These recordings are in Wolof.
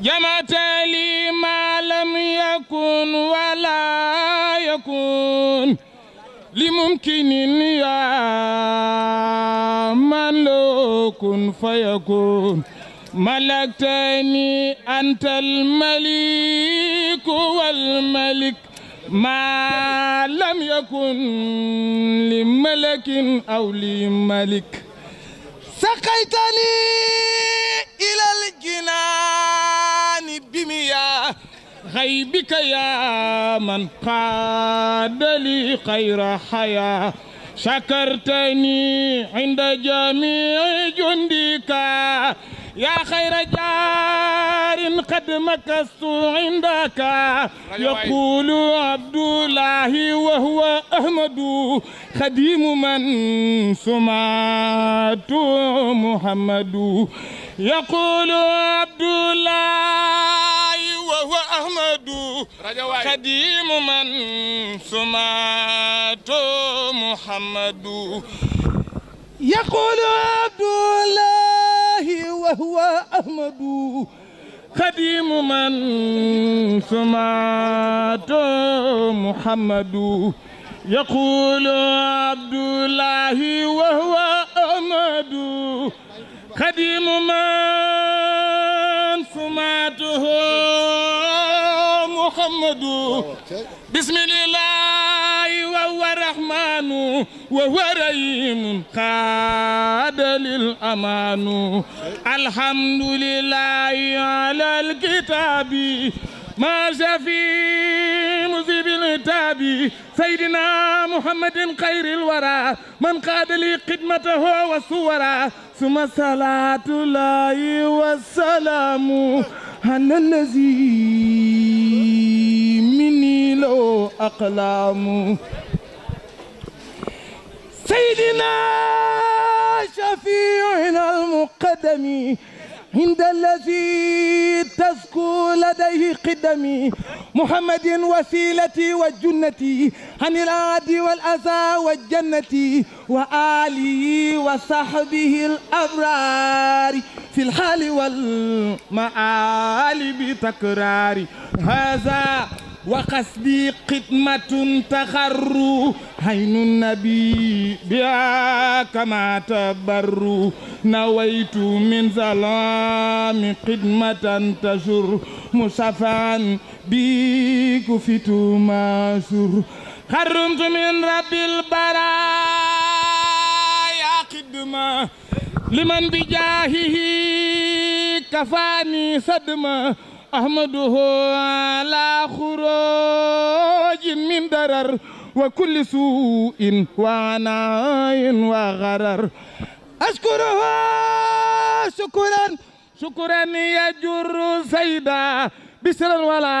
جمعت لي ما لم يكن ولا يكون لممكن يا ملوك فيكون ملكتني أنت الملك والملك ما لم يكن لملك أو لملك سقيتني إلى الجنان أولياء غيبك يا من قاد لي خير حياة شكرتني عند جميع جندك يا خير جار قد مكست عندك يقول عبد الله وهو أحمد خديم من سمعت محمد يقول عبد الله أحمد قديم من سمعت محمد يقول عبد الله وهو أحمد قديم من سمعت محمد يقول عبد الله وهو أحمد قديم من سمعته بسم الله وهو الرحمن وهو الرحيم قاد للأمان الحمد لله على الكتاب ما شفيم في بالتاب سيدنا محمد خير الورى من قاد لي قدمته وصورا ثم صلاة الله والسلام أنا الذي مني لو أقلام سيدنا شفيعنا المقدم عند الذي تزكو لديه قدمي محمد وسيلتي وجنتي عن العاد والأذى والجنة وآله وصحبه الأبرار في الحال والمعالي بتكرار هذا وقصدي قدمة تخر عين النبي بها كما تبر نويت من ظلام قدمة تجر مصفا بكفت في تماشر خرمت من رب البرايا قدمة لمن بجاهه كفاني صدمه أحمده على خروج من درر وكل سوء وعناء وغرر أشكره شكرا شكرا يجر سيدا بسرا ولا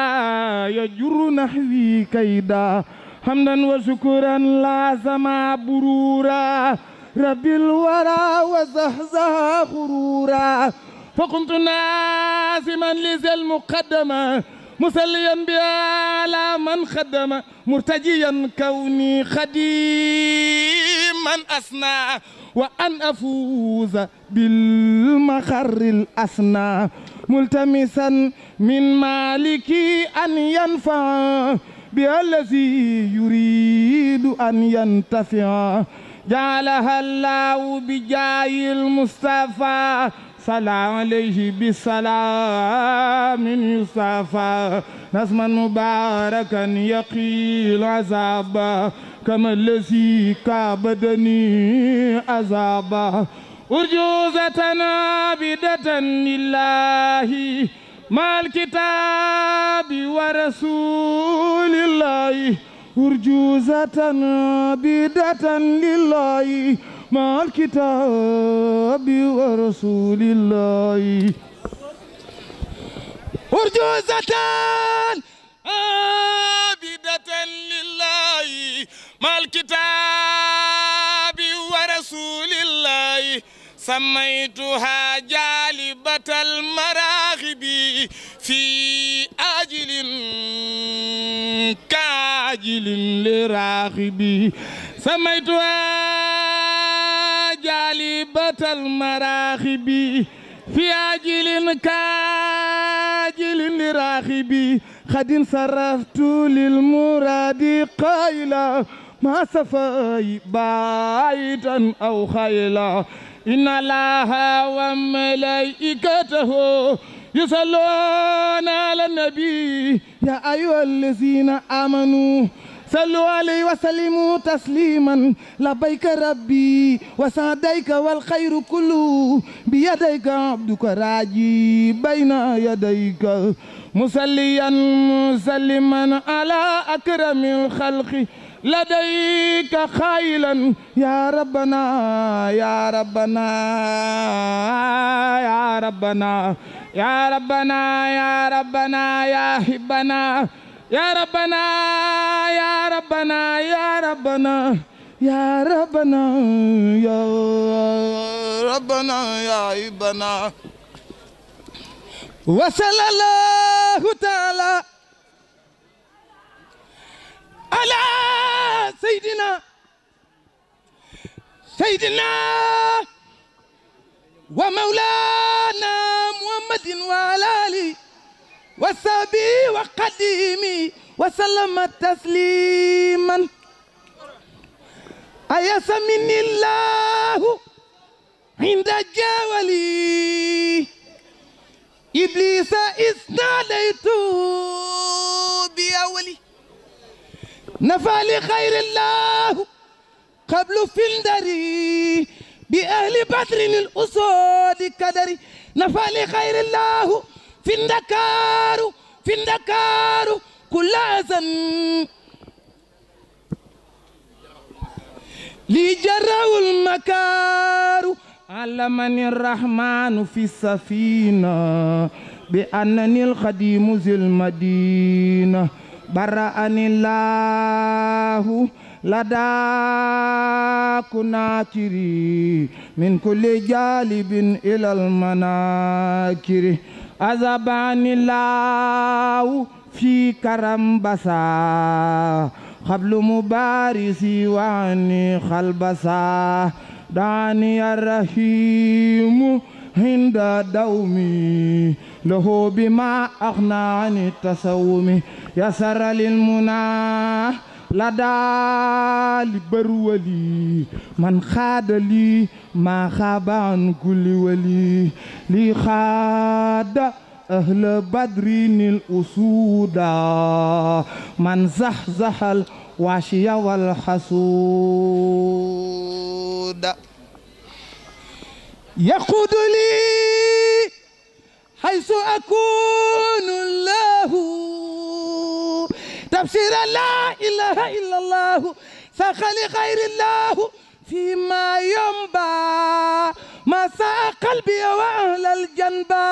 يجر نحوي كيدا حمدا وشكرا لازم برورا رب الورى وزهزه غرورا فكنت نازما لذي المقدمة مسليا بها لا من خدم مرتجيا كوني خديما أسنى وأن أفوز بالمخر الأسنى ملتمسا من مالكي أن ينفع بها الذي يريد أن ينتفع جعلها الله بجاه المصطفى صلى عليه بسلام يصافى نسما مباركا يقي العذاب كما الذي كابدني عذابا أرجوزة عابدة لله مع الكتاب ورسول الله أرجوزة عابدة لله مع الكتاب ورسول الله أرجوزة عابدة لله مع الكتاب ورسول الله سميتها جالبة المراغب في آجل كاجل لراغب سميتها غالبة المراخب في عجل كاجل راخب قد صرفت للمراد قائلا ما سفاي بعيدا أو خيلا إن الله وملائكته يصلون على النبي يا أيها الذين آمنوا صلوا عليه وسلموا تسليما لبيك ربي وسعديك والخير كله بيديك عبدك راجي بين يديك مسليا مسلما على أكرم الخلق لديك خيلا يا ربنا يا ربنا يا ربنا يا ربنا يا ربنا يا حبنا يا ربنا يا ربنا يا ربنا يا ربنا يا ربنا يا ربنا وصلى الله تعالى على سيدنا سيدنا ومولانا محمد وعلى آل وسبي وقديمي وسلم تسليما أيس مني الله عند جاولي إبليس استعليت بأولي نفع لخير الله قبل فندري بأهل بدر الأسود كدري نفع لخير الله فندكارو فندكارو كل أذن لي جرى علمني الرحمن في السفينة بأنني الخديم ذي المدينة برأني الله لدى كناكري من كل جالب إلى المناكري أذبان الله في كرم بسا قبل مبارسي واني خلبسا داني الرحيم عند دومي له بما أغنى عن التسوم يسر للمناه la daali bëru wali man xaadali ma xaabaan kulli wali li xaada ahla badrinil usuuda man zaxzaxal waasiya wal xasuuda yaquudu li xaysu akuunu lahu تفسير لا إله إلا الله فخلي غير الله فيما ينبى مساء قلبي وأهل الجنبى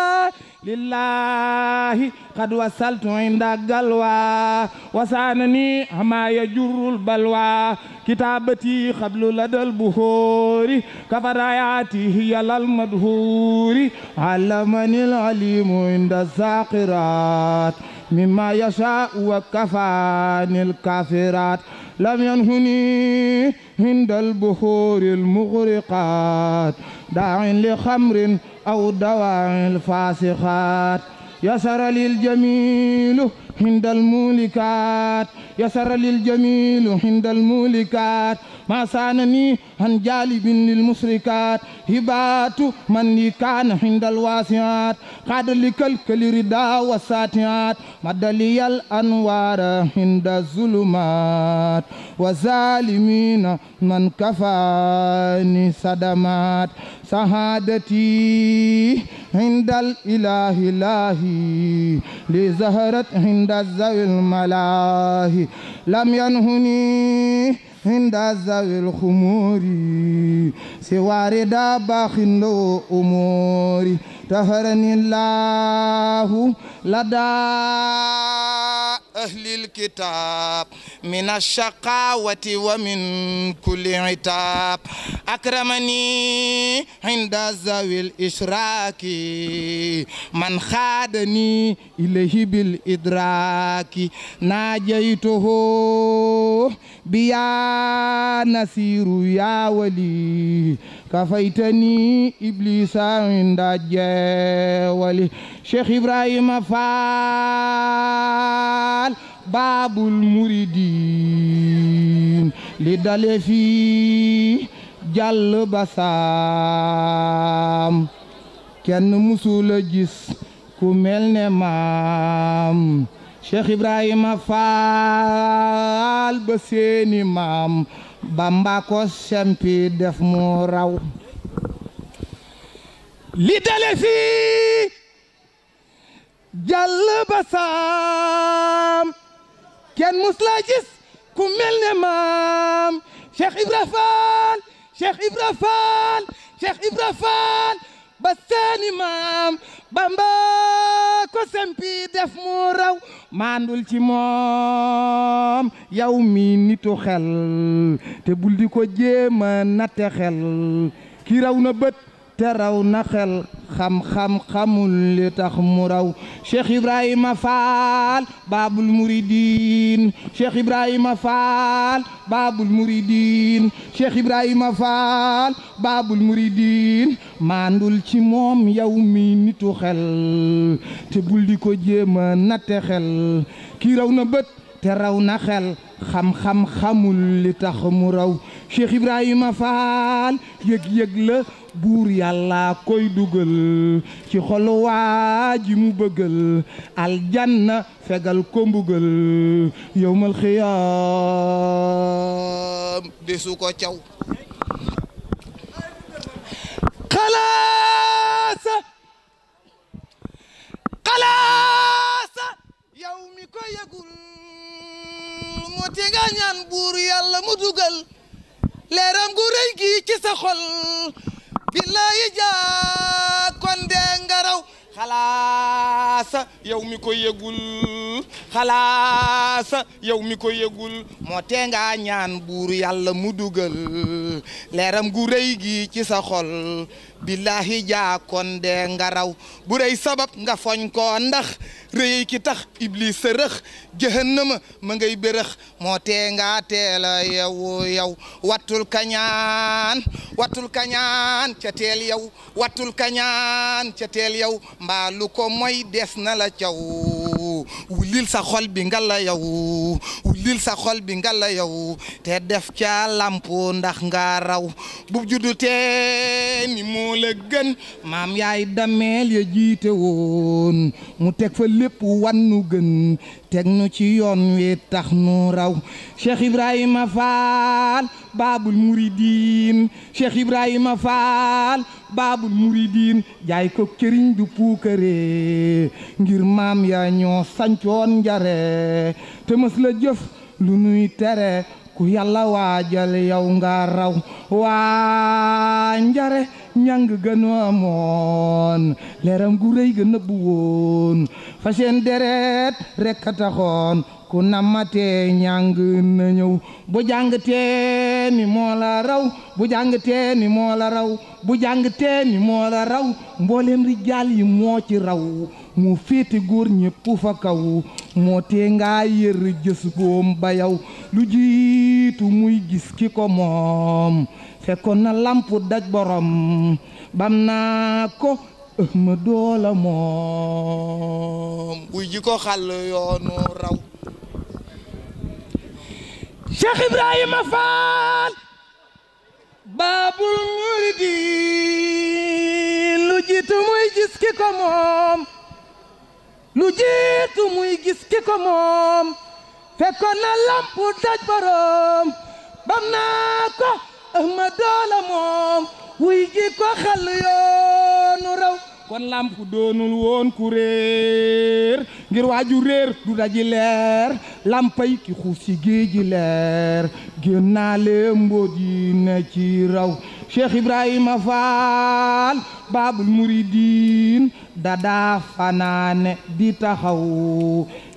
لله قد وصلت عند القلوى وسانني ما يجر البلوى كتابتي قبل لدى البخور كفراياتي هي للمدهور علمني العليم عند الساقرات مما يشاء وكفاني الكافرات لم ينهني عند البخور المغرقات داع لخمر أو دواع الفاسخات يسر للجميل عند المولكات يسر للجميل عند المولكات ما سانني عن جالب للمشركات هبات من كان عند الواسعات قاد لكلكل ردا والساتيات مد لي الانوار عند الظلمات وظالمين من كفاني صدمات سعادتي عند الاله الهي لزهرت عند عند ذوي الملاهي لم ينهني عند ذوي الخمور سوارد باخند أمور تهرني الله لدى أهل الكتاب من الشقاوة ومن كل عتاب أكرمني عند ذوي الإشراك من خادني إليه بالإدراك ناجيته بيا نصير يا ولي كفيتني إبليس عند جوالي شيخ إبراهيم فال باب المريدين لدل في جل بسام كان مسول جس كمل نمام cheikh ibrahima faal ba seeni maam bamba ko sempi def mu raw li dale fii jàll ba saam kenn mus la ku mel ne maam cheikh ibra faal cheikh ibra faal cheikh ibra faal ba seeni maam bamba ko sempi def mu raw maandul ci moom yow mi nitu xel te bul di ko jéema natte xel ki raw na bët te raw na xel xam-xam xamul li tax mu raw Cheikh Ibrahima Fall Babul Mouridine Cheikh Ibrahima Fall Babul Mouridine Cheikh Ibrahima Fall Babul Mouridine maandul ci moom yow mi nitu xel te bul di ko jéem a natte xel kii raw na bët te raw na xel xam-xam xamul li tax mu raw Cheikh Ibrahima Fall yëg-yëg la buur yàlla koy dugal ci xol waa ji mu bëggal aljanna fegal ko mbugal yowmal xiyaam desu ko caw te nga ñaan buur yàlla mu leeram gu rëy ci sa billaahi jaa kon de nga raw xalaasa yow mi ko yëgul xalaasa yow mi ko yëgul moo tee ñaan buur yàlla mu dugal leeram gu rëy gi ci sa xol billahi jaakon de nga raw bu rëy sabab nga foñ ko ndax rëy ki tax iblis sa rëx jëhannama ma ngay bërëx moo tee nga teel a yow yow wattul kañaan wattul ca teel yow wattul kañaan ca teel yow mbaalu ko mooy des na la caw wulil sa xol bi ngalla yow dil sa xol bi nga yow te def ca lampo ndax nga raw bu juddu tee moo la gën maam yaay dameel ya jiite woon mu teg fa lépp wan nu gën teg nu ci yoon wi tax nu raw Cheikh Ibrahima Fall baabul muridin Cheikh Ibrahima Fall baabul muridin jaay ko këriñ du puukare ngir maam yaa ñoo sancoon njare te jëf lu nuy tere ku yàlla waajal yow nga raw waa njare ñang gënu amoon leeram gu rëy ga woon fa seen deret rekk a taxoon ku nammatee ñàng na bu jàng tee ni moo la raw bu jàng tee ni raw bu jàng tee ni moo la raw mbooleem yi moo ci raw mu féete góor ñépp fa kaw moo tee ngaa yër jës boom ba yow lu jiitu muy gis ki ko moom fekkoon na lamp daj borom bam naa ko ma doola moom buy ji ko xàll yoonu raw Cheikh Ibrahima Fall baabul muridiin lu muy gis ki ko moom lu jiitu muy gis ki ko moom fekkoon na lampu daj boroom bam naa ko moom wuy ji ko yoonu raw kon lampu doonul woon ku réer ngir waaju réer du daji leer lampay ki xuus ci géej leer génnaale mbóot yi ne ci raw cheikh ibrahima faal baabul muridiin dadaa fanaane di taxaw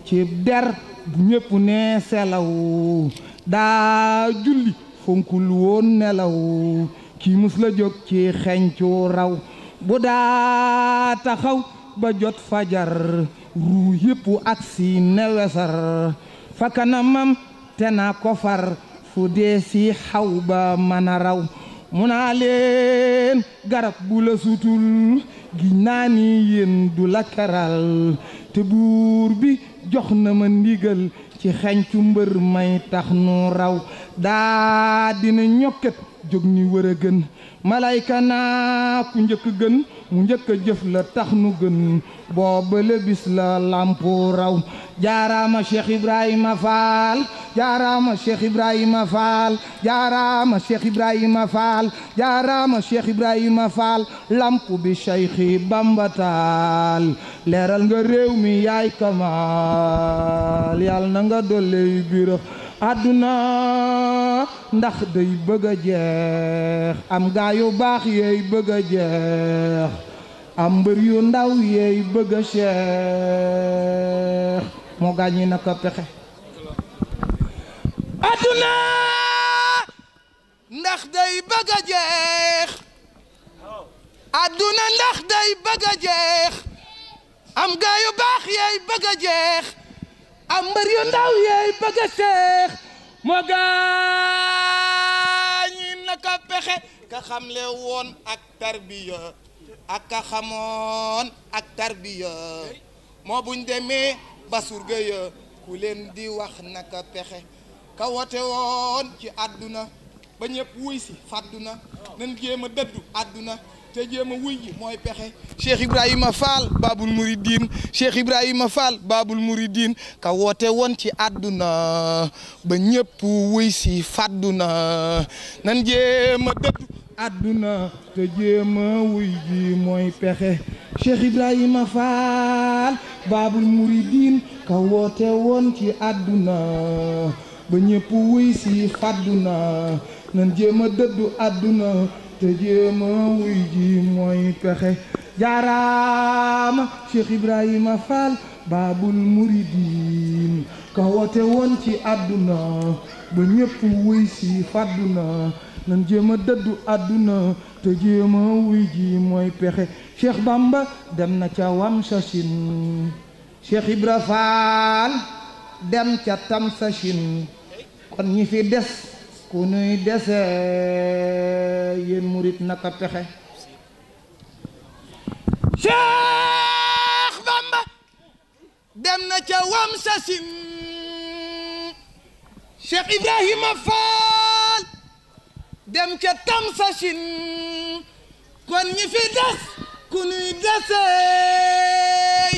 ci der bu ñépp ne selaw daa julli fonkul woon nelaw kii mus jóg ci xencu raw bu daa taxaw ba jot fajar ruu yépp ak si newesar fa kanamam te na kofar fu dee si xaw ba mën raw mu naa leen garab bu la gi naa ni yéen du la karal te buur bi jox na ma ndigal ci xeñcu mbër may tax nu raw daa dina ñokket jóg ni wër a gën malayka naa ku njëkk gën mu njëkk jëf la tax nu gën booba la bis la lampu raw jaaraama cheikh ibrahima faal jaaraama cheikh ibrahima faal jaaraama cheikh ibrahima faal jaaraama cheikh ibrahima faal bi cheikhi bambataal leeral nga réew mi yaay kamaal yàlla na nga dolleyu birë àdduna ndax day bëgg a jeex am gaa baax yeey bëgg jeex am mbër yu ndaw yay bëgg a moo gaañ ñi naka pexe àdduna ndax day bëgg jeex àdduna ndax day bëgg jeex am gaa baax yeey bëgg jeex am mbër yu ndaw yeey bëgg a seex moo gaañi naka pexe ka xamle woon ak tarbiya ak ka xamoon ak tarbiya moo buñ demee ba surga ya ku leen di wax naka pexe ka wote woon ci àdduna ba ñëpp wuy si fàdduna nañ jéem dëddu àdduna te jéem a wuy ji mooy pexe Cheikh Ibrahima Fall Babul Mouridine Cheikh Ibrahima Fall woon ci àdduna ba ñëpp wuy si fàdduna nan a dëddu àdduna te jéem a ka woote woon ci àdduna ba ñëpp wuy si fàdduna nan jéem a dëddu àdduna te jéem wuy ji mooy pexe jaaraama Cheikh Ibrahima Fall baabul muridin ka woote woon ci àdduna ba ñépp wuy si fàdduna nan jéem a dëddu àdduna te jéem wuy ji mooy pexe Cheikh Bamba dem na ca wam sachin Cheikh Ibra Fall dem ca tam sachin kon ñi fi des ku nuy dese yeen murit naka pexé Cheikh Bamba dem na ci wam sasim Cheikh Ibrahim Fall dem ci tam sasim kon ñi fi des ku nuy dese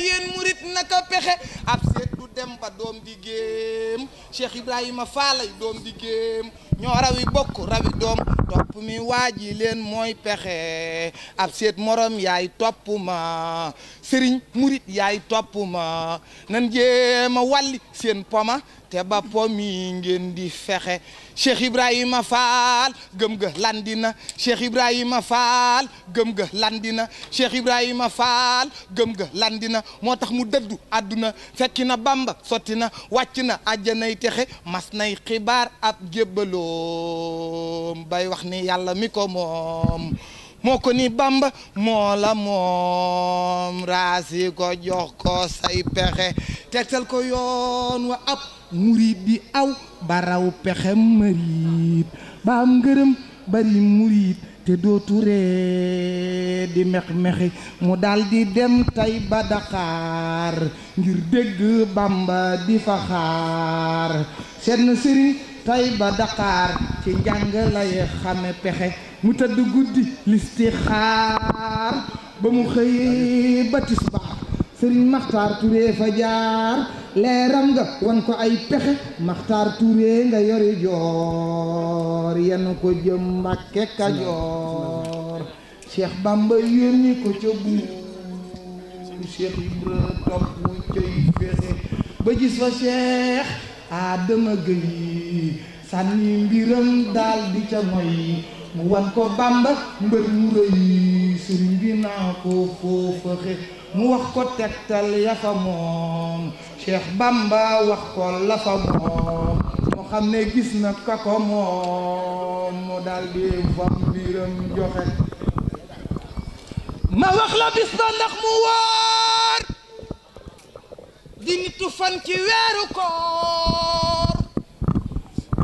yeen murit naka pexé ab seet du dem ba dom di game. Cheikh Ibrahim Fall ay di game. ñoo rawi bokk rawi doom topp mi waaji leen mooy pexe ab seet morom yaay topp ma sëriñ murit yaay topp ma nan jéema walli seen poma te ba pomi ngeen di fexe Cheikh Ibrahima Fall gëm ga landina Cheikh Ibrahima Fall gëm ga landina Cheikh Ibrahima Fall gëm ga landina moo tax mu dëddu àdduna fekki na Bamba sotti na wàcc na àjjanay texe mas nay xibaar ab jébbaloo juróom bay wax ni yàlla mi ko moom moo ko ni bamba moo la moom raasi ko jox ko say pexe tegtal ko yoon wa ab murid di aw baraw pexe mëriit ba am ngërëm bari murid te dootu ree di mex-mexi mu daldi dem tay ba Dakar ngir dégg Bamba di fa xaar seen sëriñ tey ba Dakar ci njàng lay xame pexe mu tëdd guddi listi xaar ba mu xëyee ba tisbaar sëriñ Maxtaar Touré fa jaar leeram nga wan ko ay pexe maxtaar Touré nga yori joor yenn ko jëm Mbàkke Kajoor Cheikh Bamba yónni ko ca buur Cheikh Ibra topp cay fexe ba gis fa Cheikh Adama Gueye sànni mbiram daal di ca moy mu wan ko Bamba mbër mu rëy sëriñ bi naa ko foofaxe mu wax ko tegtal ya fa moom Cheikh Bamba wax ko la fa moom moo xam ne gis na ka ko moom mu daldi fam biiram joxe ma wax la bis ba ndax mu wóor di nitu fan ci weeru koor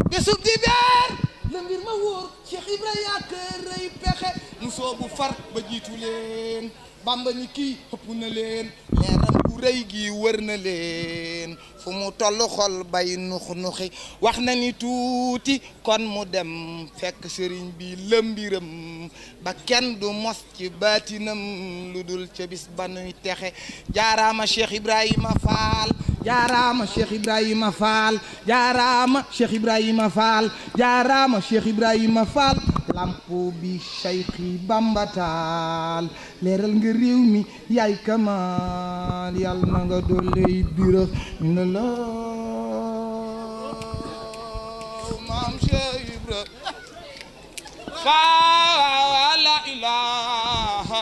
bésub di beer la mbir ma wóor Cheikh Ibrahima kër rëy pexe mu soobu far ba jiitu leen bamba ni kii xëpp na leen leeram bu rëy gi wër na leen fu mu toll xol bay nux nuxi wax na ni tuuti kon mu dem fekk sëriñ bi lëmbiram ba kenn du mos ci baatinam lu dul ca ba nuy texe jaaraama Cheikh Ibrahima Fall jaaraama Cheikh Ibrahima Fall jaaraama Cheikh Ibrahima Fall jaaraama Cheikh Ibrahima Fall lamp bi Cheikhi Bamba leeral nga réew yaay kamal yàlla na nga doley birëx na la maam Cheikh Ibra la ilaha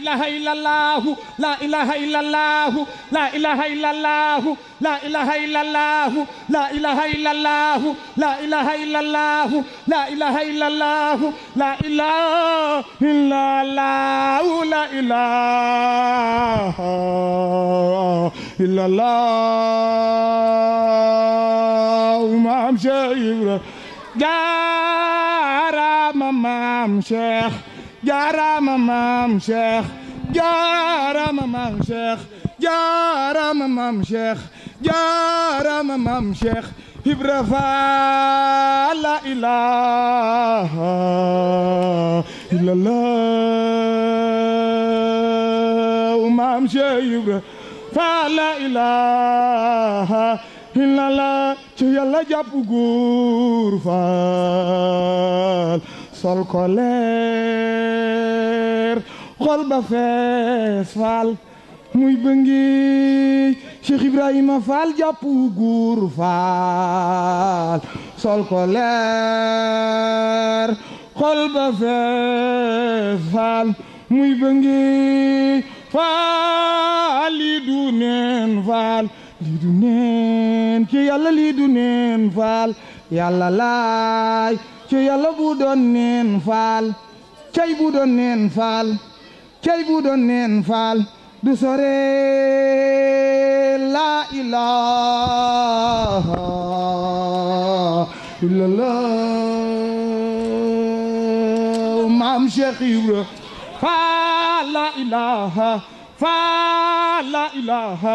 إله إلا الله لا إله إلا الله لا إله إلا الله لا إله إلا الله لا إله إلا الله لا إله إلا الله لا إله إلا الله لا إله إلا الله لا إله إلا الله ما شيخ دار مام شيخ jaaraama maam Cheikh jaaraama maam Cheikh jaaraama maam Cheikh jaaraama maam Cheikh Ibra ci yàlla jàpp faal sol ko colba fez ba fees faal muy bëngi Cheikh Ibrahima fal jàpp guur sol ko colba fez ba fees faal muy bëngi faal li du neen li neen ci yàlla lii du neen faal yàlla laay ci yàlla bu doon neen faal cey bu doon neen faal cey bu doon neen faal du sore laa ilaaha illallah maam Cheikh Ibra faal laa ilaaha faal laa ilaaha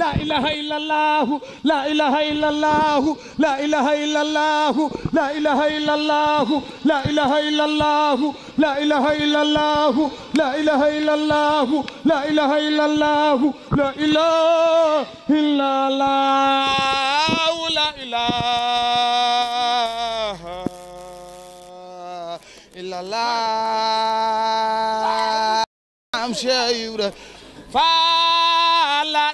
لا إله إلا الله لا إله إلا الله لا إله إلا الله لا إله إلا الله لا إله إلا الله لا إله إلا الله لا إله إلا الله لا إله إلا الله لا إله إلا الله لا إله إلا الله I'm sure you'd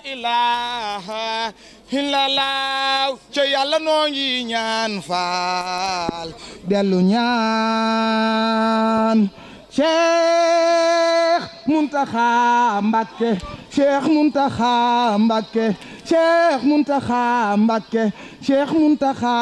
ilaha illallah ca yàlla noo ngi ñaan faal dellu ñaan Cheikh Muntaxa Mbakke Cheikh Muntaxa Mbakke Cheikh Muntaxa Mbakke Cheikh Muntaxa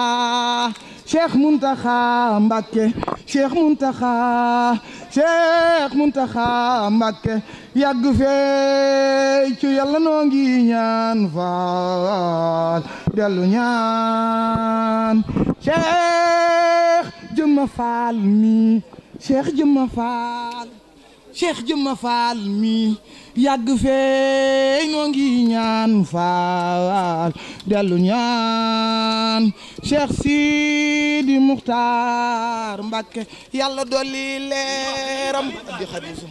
Cheikh muntaxa Mbacké Cheikh Mountakha Cheikh Mountakha Mbacké yàgg fee ci yàlla noo ngi ñaan faal dellu ñaan Cheikh jëmma faal mi Cheikh jëmma faal Cheikh jëmma faal mi yàgg fee noo ngi ñaan faal dellu ñaan Cheikh Sidi Muxtaar Mbàkke yàlla dolli leeram di xarisu